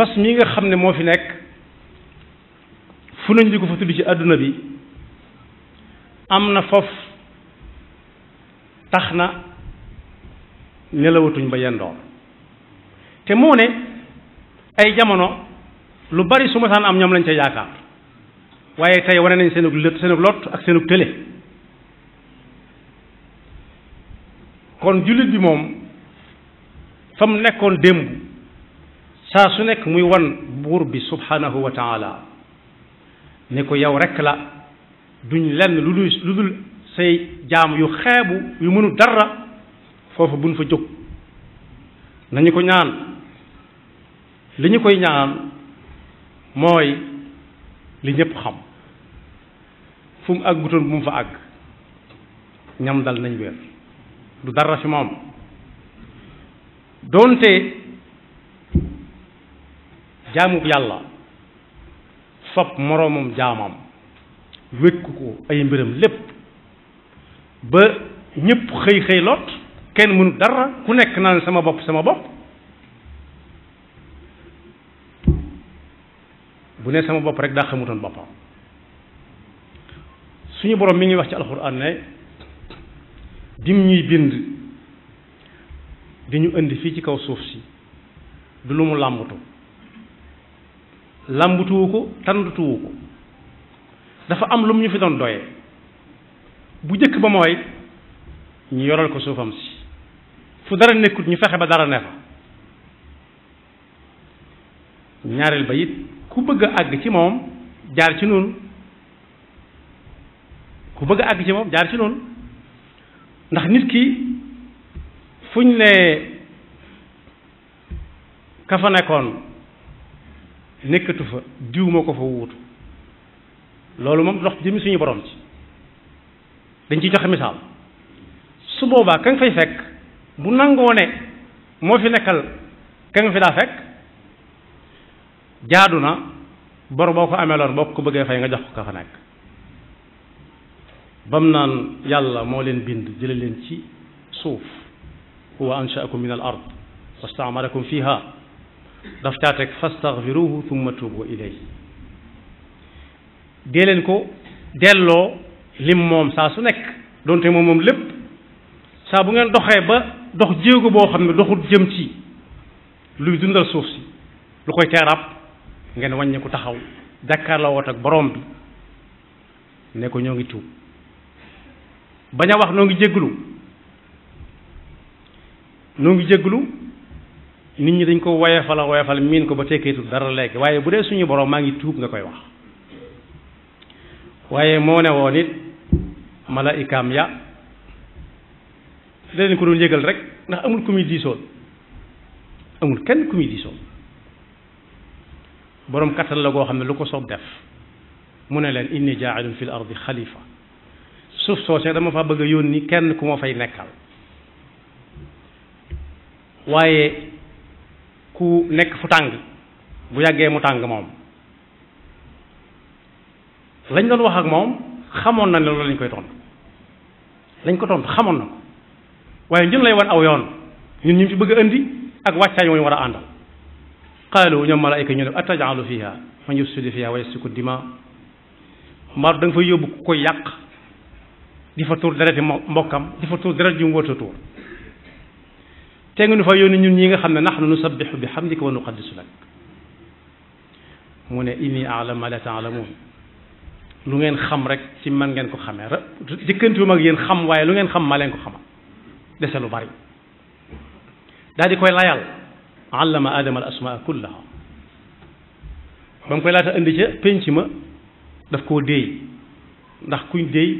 mbas mii nga xam ne moo fi nekk fu nañ di ko fa tudd ci àdduna bi am na foof tax na nelawatuñ ba yendoor te moo ne ay jamono lu bari su masaan am ñoom lañ ca yaakaar waaye tey wane nañ seenug lët seenug lot ak seenug tële kon jullit bi moom fa mu nekkoon démb saa su nekk muy wan buur bi subhanahu wa taala ne ko yow rekk la duñ lenn lu dul lu say jaam yu xeebu yu mënu dara foofu buñ fa jóg nañu ko ñaan li ñu koy ñaan mooy li ñëpp xam fu mu àggutoon bu mu fa àgg ñam dal nañ wér du dara fi moom doonte jaamub yàlla fab moroomam jaamam wékk ko ay mbiram lépp ba ñépp xëy xëy lot kenn mënu dara ku nekk naa ne sama bopp sama bopp bu ne sama bopp rek daa xamutoon boppam suñu boroom mi ngi wax ci alxuraan ne dim ñuy bind di ñu indi fii ci kaw suuf si du lu mu làmbatu làmbatuwu ko tàndatuwu ko dafa am lu mu ñu fi doon doyee bu jëkk ba mooy ñu yoral ko suufam si fu dara nekkut ñu fexe ba dara ne fa ñaareel ba it ku bëgg àgg ci moom jaar ci noonu ku bëgg àgg ci moom jaar ci noonu ndax nit ki fuñ ne ka nekkoon nekkatu fa diw moo ko fa wuutu loolu moom dox jëmi suñu borom ci dañ ci joxe misaal su boobaa ka nga fay fekk bu nangoo ne moo fi nekkal ka nga fi daa fekk jaadu na bor boo ko amee boo ko bëggee fay nga jox ko ka fa nekk bam naan yàlla moo leen bind jële leen ci suuf huwa anshaakum min al ard wastamarakum fiha daf caa teg fastaghfiruhu thumma tuubu ilayhi dee leen ko delloo lim moom saa su nekk donte moom moom lépp saa bu ngeen doxee ba dox jéego boo xam ne doxul jëm ci luy dundal suuf si lu koy teerab ngeen wàññi taxaw jàkkaarloo woot ak borom bi ne ko ñoo ngi tuub bañ a wax noo ngi jégglu noo ngi jégglu nit ñi dañ ko woyefal a woyefal min ko ba tekkiitul dara léegi waaye bu dee suñu borom maa ngi tuub nga koy wax waaye moo ne woon it malaikaam ya da leen ko doon yëgal rek ndax amul ku muy diisoon amul kenn ku muy diisoon borom kattan la goo xam ne lu ko soob def mu ne leen inni jaailun fil ardi xalifa suuf soosee dama fa bëgg a yónni kenn ku ma fay nekkal waaye ku nekk fu tàng bu yàggee mu tàng moom lañ doon wax ak moom xamoon na ne loolu lañ koy tontu lañ ko tont xamoon na ko waaye ñun lay wan aw yoon ñun ñu fi bëgg a indi ak wàccaay moo ñu war a àndal qaalu ñoom malaayka ñu ne atajaalu fiha man yufsidu fiha wa yasfiku dima mbaa da nga fa yóbbu ku ko yàq di fa tuur deret yi mbokkam di fa tuur deret ju mu wërta tuur te nga nu fa yónni ñun ñi nga xam ne naxnu nusabbihu bi hamdika wa nuqaddisu lak mu ne inni a'lamu ma la ta'lamun lu ngeen xam rek ci man ngeen ko xamee ra jëkkantiwuma ak yéen xam waaye lu ngeen xam maa leen ko xamal dese lu bari daal di koy layal allama adama al asmaa kullaha ba mu koy laata indi ca penc ma daf koo déey ndax kuñ déey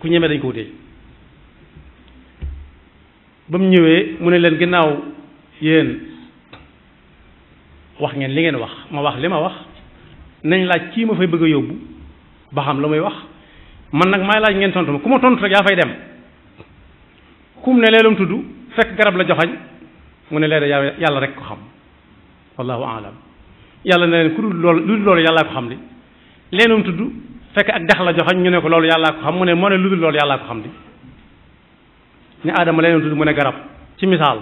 ku ñeme dañ koo déey ba mu ñëwee mu ne leen ginnaaw yéen wax ngeen li ngeen wax ma wax li ma wax nañ laaj kii ma fay bëgg yóbbu ba xam lu muy wax man nag maay laaj ngeen tontu ku ma tontu rek yaa fay dem kum ne leelum tudd fekk garab la joxañ mu ne leen yàlla rek ko xam wallahu alam yàlla ne leen ku dul loolu lu dul loolu yàllaa ko xam li leenum tudd fekk ak dex la joxañ ñu ne ko loolu yàllaa ko xam mu ne moo ne lu dul loolu yàllaa ko xam li ne aadama leneen tudd mu ne garab ci misaal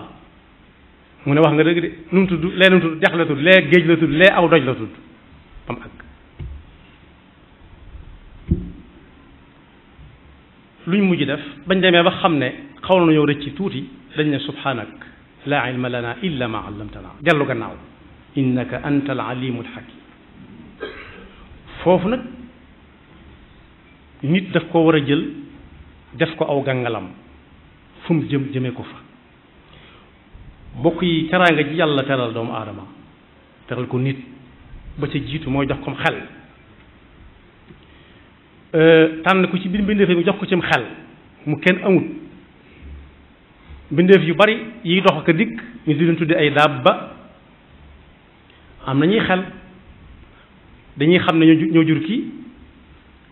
mu ne wax nga dëgg de nu mu tudd leneen tudd dex la tudd lee géej la tudd lee aw doj la tudd am ak luñ mujj def bañ demee ba xam ne xaw nañoo rëcc tuuti dañ ne subhanak laa ilma lana illa ma allamtana dellu gannaaw innaka anta al alimul hakim foofu nag nit daf ko war a jël def ko aw gàngalam fu mu jëm jëmee ko fa mbokk yi teraanga ji yàlla teral doomu aadama teral ko nit ba ca jiitu mooy jox ko xel euh, tànn ko ci biir mbindeef mi jox ko cim xel mu kenn amut mbindeef yu bari yiy dox ko dikk ñu di leen tudde ay dàbba am nañuy xel dañuy xam ne ñoo jur kii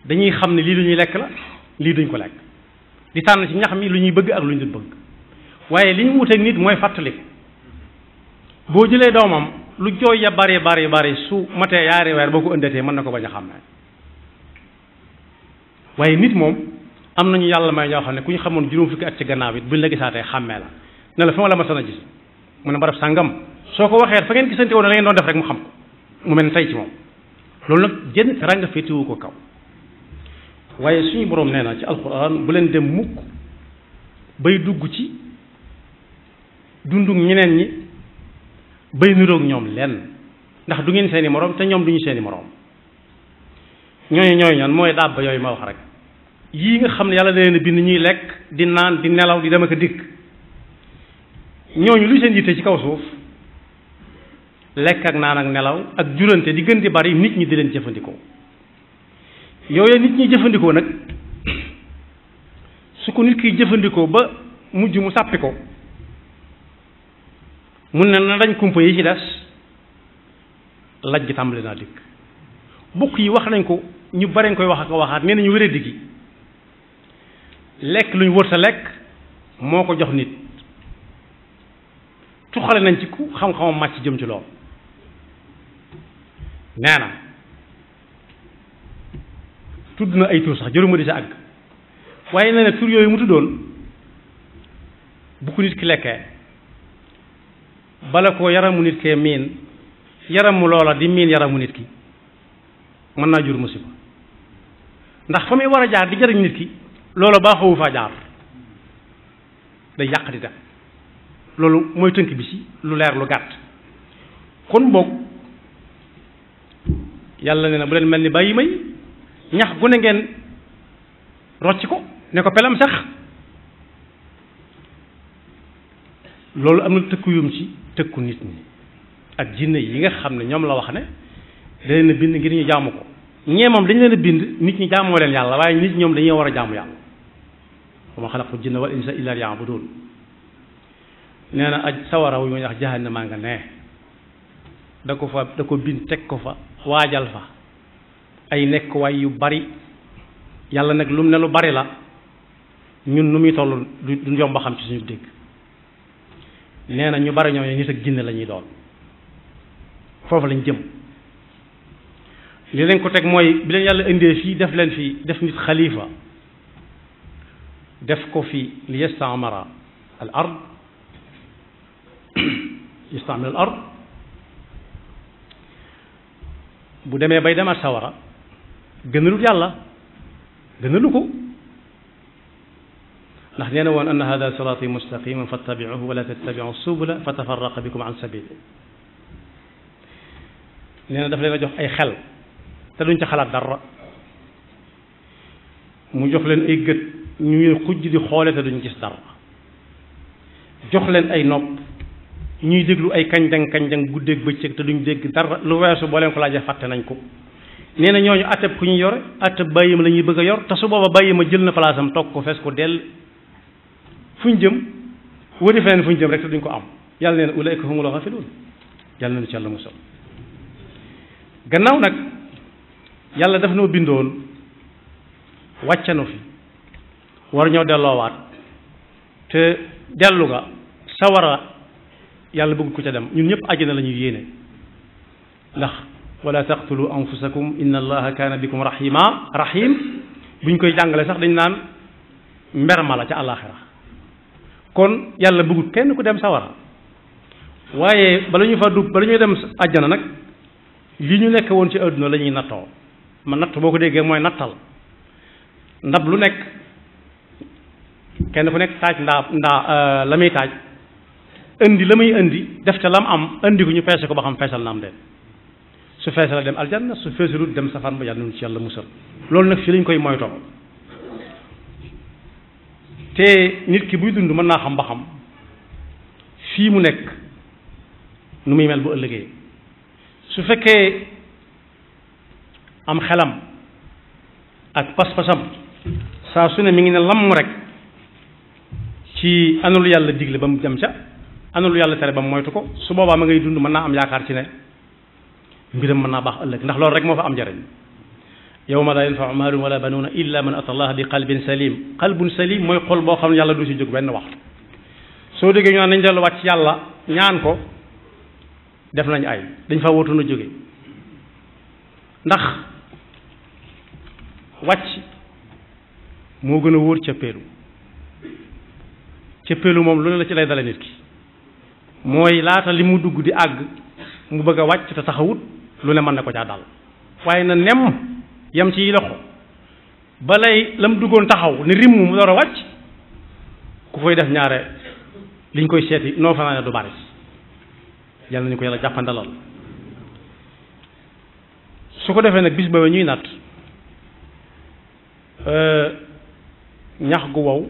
dañuy xam ne lii lu ñuy lekk la lii duñ ko lekk di tànn ci ñax mi lu ñuy bëgg ak lu ñu dul bëgg waaye li ñu wuteeg nit mooy fàttali boo jëlee doomam lu jooy ya bari bari bari su matee yaari weer boo ko ëndatee mën na ko bañ a xam ne waaye nit moom am na ñu yàlla may ñoo xam ne ku ñu xamoon juróom fukki at ci gannaaw it buñ la gisaatee xàmmee la ne la fi ma la masana ji mu ne barab sàngam soo ko waxee fa ngeen gisante woon la ngeen doon def rek mu xam mu mel ne tey ci moom loolu nag jën teranga féetewu ko kaw waaye suñu borom nee na ci alquran bu leen dem mukk bay dugg ci dundug ñeneen ñi bay niroog ñoom lenn ndax du ngeen seeni morom te ñoom duñu seeni morom ñooñu ñooy ñan mooy dàbb yooyu ma wax rek yii nga xam ne yàlla leen bind ñuy lekk di naan di nelaw di dem ak dikk ñooñu lu seen yitte ci kaw suuf lekk ak naan ak nelaw ak jurante di gën di bari nit ñi di leen jëfandikoo yow nit ñi jëfandikoo nag su ko nit kiy jëfandikoo ba mujj mu sàppi ko mun ne na dañ kumpa yi ci des laj gi tàmbali naa dikk bukk yi wax nañ ko ñu bare koy wax ak waxaat nee nañu di gi lekk luñ wër sa lekk moo ko jox nit tuxale nañ ci ku xam-xamam màcc jëm ci lool nee na tudd na ay tur sax jëruma di sa àgg waaye nee na tur yooyu mu tuddoon bu ko nit ki lekkee bala ko mu nit kee miin mu loola di miin mu nit ki mën naa jur musiba ndax fa muy war a jaar di jariñ nit ki loola baaxawu faa jaar day yàq di dem loolu mooy tënk bi si lu leer lu gàtt kon boog yàlla nee na bu leen mel ni bàyyi may ñax gu ne ngeen rocc ko ne ko pelam sax loolu am na tëkku yum ci tëkku nit ñi ak jinne yi nga xam ne ñoom la wax ne da leen a bind ngir ñu jàmm ko ñee moom leen a bind nit ñi jaamoo leen yàlla waaye nit ñoom dañoo war a jaamu yàlla wa ma xalaqtu jinna wal insa illa liya'budun nee na aj sawara wu ñu wax jahannama nga ne da ko fa da ko bind teg ko fa waajal fa ay way yu bari yàlla nag lum ne lu bari la ñun nu muy toll du yomb xam ci suñu dégg nee na ñu bari ñoo nit ak jinne la ñuy doon foofu lañ jëm li leen ko teg mooy bi leen yàlla indee fii def leen fi def nit xalifa def ko fi li yastamara al ard yastamir al ard bu demee bay demaat sawara gënalut yàlla gënalu ko ndax nee na woon anna hada siraati mustaqiman fattabicuhu wala tattabicu subula fa tafaraqa bikum an sabili nee na daf leen a jox ay xel te duñ ca xalaat dara mu jox leen ay gët ñu ngi xujj di xoole te duñ gis dara jox leen ay nopp ñuy déglu ay kanjang kanjang guddeeg bëccëg te duñ dégg dara lu weesu boo leen ko laajee fàtte nañ ko nee na ñooñu atteb ku ñu yor atteb bàyyi ma la ñuy bëgg a yor te su booba bàyyi ma jël na place am toog ko fees ko dell fu ñu jëm wëri feneen fu ñu jëm rek duñ ko am yàlla nee na ulaika humul ghafilun yàlla nañu ci yàlla musal gannaaw nag yàlla daf noo bindoon wàccanu fi war ñoo delloowaat te dellu ga sawara yàlla bëgg ko ca dem ñun ñëpp àjjana la ñuy yéene ndax wala taqtulu anfusakum inna allaha kaana bikum rahima rahim buñ koy jàngalee sax dañ naan mber ma la ca àllaaxira kon yàlla bëggut kenn ku dem sawara waaye bala ñu fa dugg bala ñuy dem àjjana nag li ñu nekk woon ci àdduna la ñuy nattoo ma natt boo ko déggee mooy nattal ndab lu nekk kenn ku nekk taaj ndaa ndaa euh, la muy taaj indi la muy indi def ca lam am indi ko ñu peese ko ba xam feesal na am den su feesee la dem aljanna su feesulul dem safaan ba yàlla ci yàlla musal loolu nag fi lañ koy moytoo te nit ki buy dund mën naa xam ba xam fii mu nekk nu muy mel bu ëllëgee su fekkee am xelam ak pas-pasam saa su ne mi ngi ne lamm rek ci ana lu yàlla digle ba mu dem ca ana lu yàlla tere ba mu moytu ko su boobaa ma ngay dund mën naa am yaakaar ci ne mbiram mën naa baax ëllëg ndax loolu rek moo fa am njariñ yawma laa yanfau maalun wala banuuna illa man ata allah bi qalbin salim qalbun salim mooy xol boo xam ne yàlla du si jóg benn wax soo déggee ñu naan nañ delluwaat ci yàlla ñaan ko def nañ ay dañ fa wootu na jóge ndax wàcc moo gën a wóor cëppeelu cëppeelu moom lu ne la ci lay dale nit ki mooy laata li mu dugg di àgg mu bëgg a wàcc te taxawut lu ne mën na ko caa dal waaye na nem yam ci yi loxo balay lam duggoon taxaw ni rimm mu door a wàcc ku fay def ñaare liñ koy seeti noo fanaane du bari yal nañu ko yàlla jàppandalal su ko defee nag bis ñuy nat euh, ñax gu wow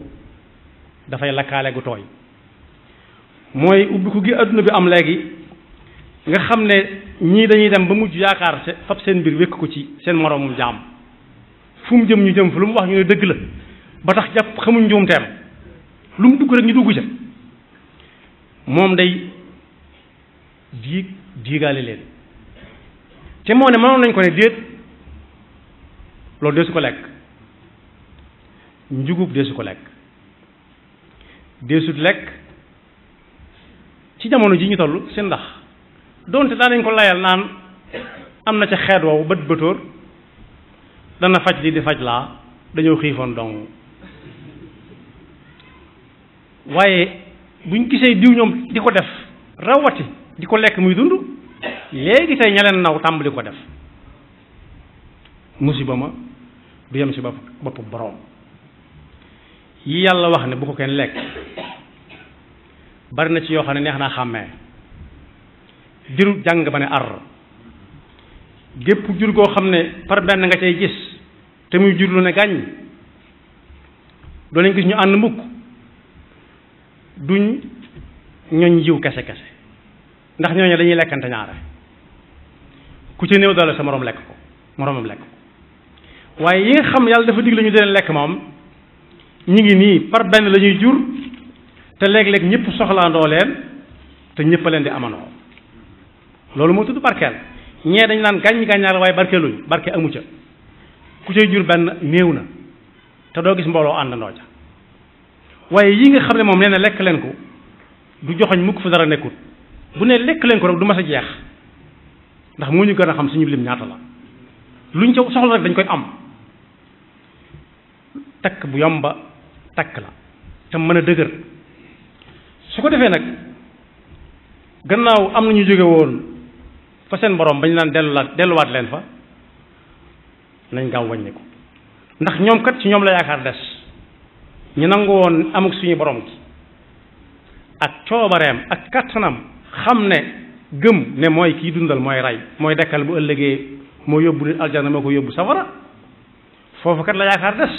dafay lakkaale gu tooy mooy ubbiku gi adduna bi am léegi nga xam ne ñii dañuy dem ba mujj yaakaar fab seen mbir wékk ko ci seen moroomum jaam fu mu jëm ñu jëm fu lu mu wax ñu ne dëgg la ba tax jàpp xamuñ njuumteem lu mu dugg rek ñu dugg ca moom day diig diigaale leen te moo ne mënoon nañ ko ne déet loolu deesu ko lekk njugub deesu ko lekk deesut lekk ci jamono ji ñu toll seen ndax donte daanañ ko layal naan am na ci xeet woowu bët bëtóor dana faj li di faj laa dañoo xiifoon dong waaye buñ gisee diw ñoom di ko def rawati di ko lekk muy dund léegi tey ña naw tàmbali ko def musiba ma du yem ci bopp boppu boroom yi yàlla wax ne bu ko kenn lekk bari na ci yoo xam ne neex naa xàmmee diru jang bané ar gep jur go xamné par ben nga cey gis té muy jur lu ne gañ do leen gis ñu and mukk duñ ñoñ jiw kasse kasse ndax ñoñ dañuy lekkante ñaara ku ci neew doole sa morom lekk ko moromam lekk ko waye yi nga xam yalla dafa digle ñu di leen mom ñi ngi ni par ben lañuy jur té léeg-léeg ñepp soxla leen te ñëpp a di amano loolu moo tudd barkeel ñee dañ naan gàññ gàññaar la waaye barkeeluñ barke amu ca ku cay jur benn néew na te doo gis mbooloo àndandoo ca waaye yii nga xam ne moom nee na lekk leen ko du joxoñ mukk fu dara nekkut bu nee lekk leen ko rek du mas a jeex ndax moo ñu gën a xam suñu lim ñaata la luñ ca soxla rek dañ koy am takk bu yomba takk la te mën a dëgër su ko defee nag gannaaw am na ñu jóge woon fa seen borom bañ naan delluwaat delluwaat leen fa nañ gaaw wàññi ko ndax ñoom kat ci ñoom la yaakaar des ñu nangu woon amuk suñu boroom gi ak coobareem ak kattanam xam ne gëm ne mooy kii dundal mooy rey mooy dekkal bu ëllëgee moo yóbbu nit aljana moo ko yóbbu safara foofu kat la yaakaar des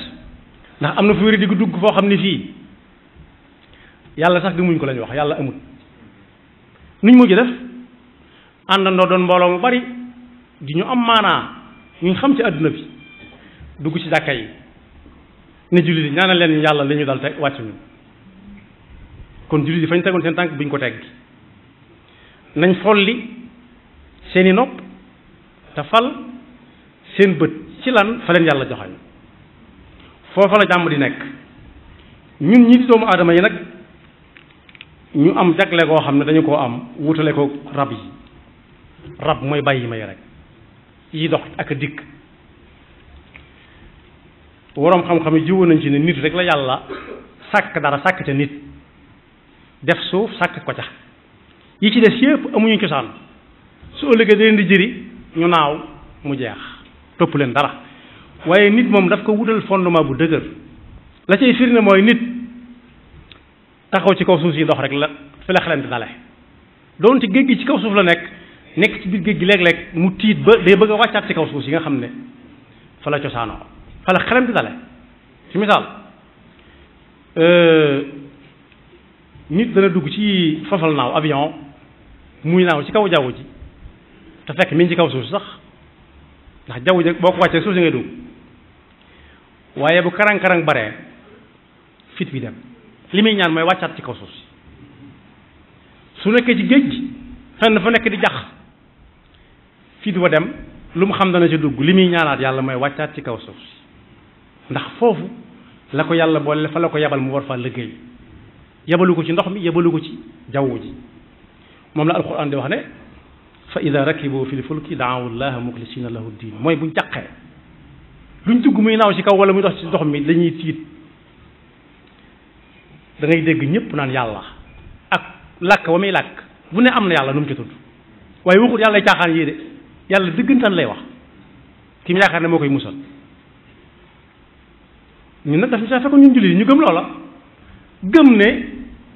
ndax am na fu wéri di dugg foo xam ne fii yàlla sax gëmuñ ko lañ wax yàlla amut nuñ mujj def àndandoo doon mbooloo mu bari di ñu am maanaa ñu xam ci àdduna bi dugg ci jàkka yi ne jullit yi ñaanal leen yàlla li ñu dal te wàccuñu kon jullit yi fañ tegoon seen tànk buñ ko teg nañ folli seeni nopp te fal seen bët ci lan fa leen yàlla joxañ foofa la jàmm di nekk ñun ñi doomu aadama yi nag ñu am jagle koo xam ne dañu ko am wutale ko rab yi rab mooy bàyyi may rek yi dox ak dikk waroom xam-xam yi jiwoon nañ ci ne nit rek la yàlla sàkk dara sàkk ca nit def suuf sàkk ko ca yi ci des yëpp amuñu cosaan su ëllëgee da di jëri ñu naaw mu jeex topp leen dara waaye nit moom daf ko wutal fondement bu dëgër la cay firnde mooy nit taxaw ci kaw suuf si dox rek la fi la xelante dale doon géej gi ci kaw suuf la nekk nekk ci biir géej gi léeg-léeg mu tiit ba day bëgg a wàccaat ci kaw suuf si nga xam ne fa la cosaanoo fa la xelam euh, nit dana dugg ci fafal naaw muy naaw ci kaw jaww ji fekk mi ci kaw suuf sax ndax jaww ji boo ko wàccee waaye bu karang-karang fit bi dem li muy ñaan mooy wàccaat su nekkee ci géej gi fenn nekk di jax fi wa dem lu mu xam dana ci dugg li muy ñaanaat yàlla mooy wàccaat ci kaw suuf si ndax foofu la ko yàlla boole fa la ko yabal mu war fa liggéey yabalu ko ci ndox mi yabalu ko ci jawu ji moom la alquran di wax ne fa ida rakibu fi fulki daawu allah muxlisina lahu diin mooy buñ jaqee luñ dugg muy naaw ci kaw wala muy dox ci ndox mi dañuy tiit da ngay dégg ñëpp naan yàlla ak làkk wa muy làkk bu ne am na yàlla num ci tudd waaye waxul yàlla caaxaan yii de yàlla deugantan lay wax ki yaakar yaakaar ne moo koy musal ñu nag dafa ñu ko ñun julli ñu gëm loola gëm ne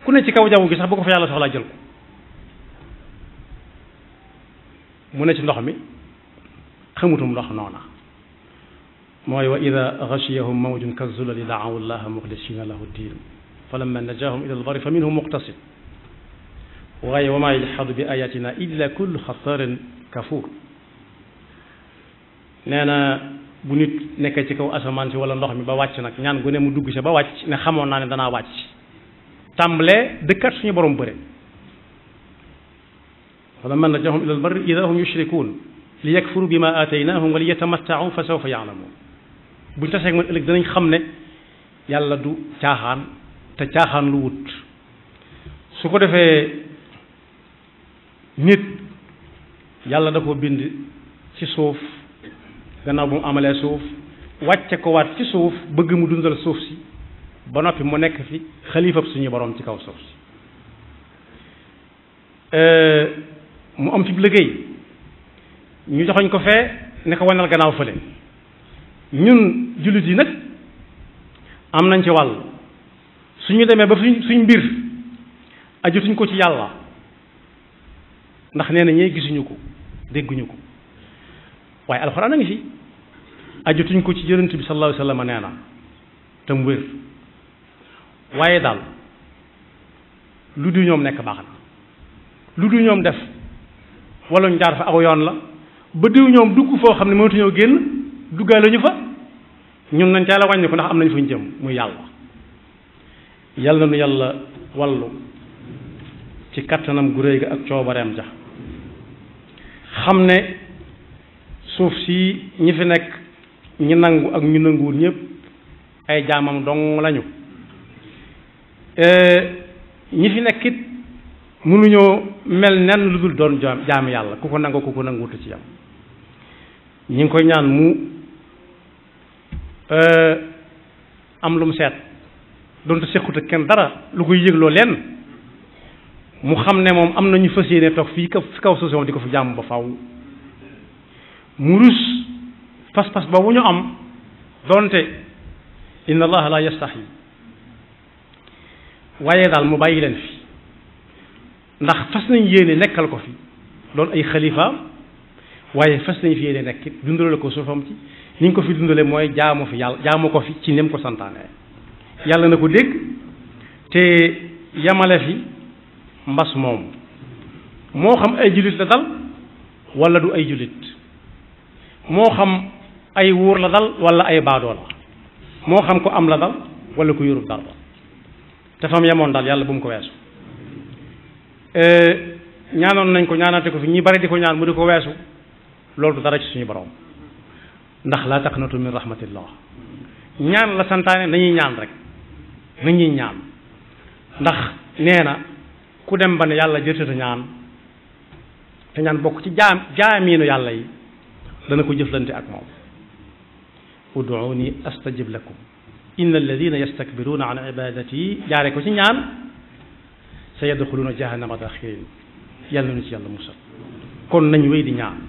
ku ne ci kaw jaww gi sax bu ko fa yàlla soxla jël ko mu ne ci ndox mi xamutum ndox nona moy wa idha ghashiyahum mawjun ka da'u allaha llaha lahu diin fa lamma najahum ila albari fa minhum muqtasid waaye wa maa yajxadu bi ayatina illa kullu xasaarin kafuur nee na bu nit nekkee ci kaw asamaan si wala ndox mi ba wàcc nag ñaan gone mu dugg si ba wàcc ne xamoon naa ne danaa wàcc tàmbalee dëkkat suñu borom bëre wala man najahum ila albarri ida hum yushrikuun li yakfuru bi ma aataynahum wa li yatamattaau fa sawfa yaalamuun buñ taseeg man ëllëg danañ xam ne yàlla du caaxaan te caaxaan lu wut su ko defee nit yàlla da ko bind ci suuf gannaaw bu mu amalee suuf wàcce kowaat waat ci suuf bëgg mu dundal suuf si ba noppi mu nekk fi xalifab suñu borom ci kaw suuf si euh, mu am fi liggéey ñu joxoñ ko fee ne ko wanal gannaaw fële ñun jullit yi nag am nañ ci wàll suñu demee ba suñ suñ mbir ajatuñ ko ci yàlla ndax nee na ñee gisuñu ko dégguñu ko waaye alxuraan a ngi fi ajutuñ ko ci jërënt bi sallallahu alayhi wa sallam nee wér waaye daal lu du ñoom nekk baax na lu du ñoom def wala ñu jaar fa aw yoon la ba diw ñoom dugg foo xam ne mënatuñoo génn duggaale ñu fa ñun nañ caa la wàññi ndax am nañ fuñ jëm muy yàlla yàlla na nu yàlla wallu ci kattanam gu réy ga ak coobareem ja xam ne suuf si ñi fi nekk ñi nangu ak ñu nanguwul ñëpp ay jaamam dong lañu e, ñi fi nekk it mënuñoo mel nenn lu dul doon jaam yàlla ku ko nangu ku ko nanguwutu ci yam ñi ngi koy ñaan mu e, am lu mu seet doonte sequt ak kenn dara lu koy yëgloo lenn mu xam ne moom am na ñu fas yéene toog fii kaw si kaw di ko fi jàmm ba faw mu rus pas-pas boobu ñu am donte inna allaha la yastahi waaye daal mu bàyyi leen fi ndax fas nañ yéene nekkal ko fi doon ay xalifaam waaye fas nañ fi yéene nekk dundale ko suufam ci ni ñu ko fi dundale mooy jaamu fi yàlla jaamu ko fi ci nem ko santaane yàlla na ko dégg te yamale fi mbas moom moo xam ay jullit la dal wala du ay jullit moo xam ay wóor la dal wala ay baadoo la moo xam ko am la dal wala ko yurub dal te fam yemoon dal yàlla bu mu ko weesu eh, ñaanoon nañ ko ñaanate ko fi ñi bari di ko ñaan mu di ko weesu loolu dara ci suñu borom ndax laa taqnatu min rahmatillah ñaan la santaane nañuy ñaan rek nañuy ñaan ndax nee na ku dem ba ne yàlla jërtata ñaan te ñaan bokk ci jaam jaamiinu yàlla yi dana ko jëflante ak moom ud'uuni astajib lakum inna alladina yastakbiruuna an ibadati jaare ko ci ñaan sa yadxuluuna jahannama daxirin yàlla na ñu ci yàlla musal kon nañ wéy di ñaan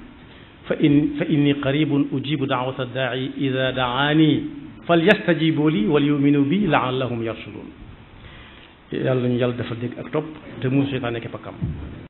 fa in fa inni qaribun ujibu daawata daai ida daani fal yastajibu li wal yuminu bi laallahum yarshudun yàlla ñu yàlla dafa dégg ak topp te mu seytaane nekk pakkam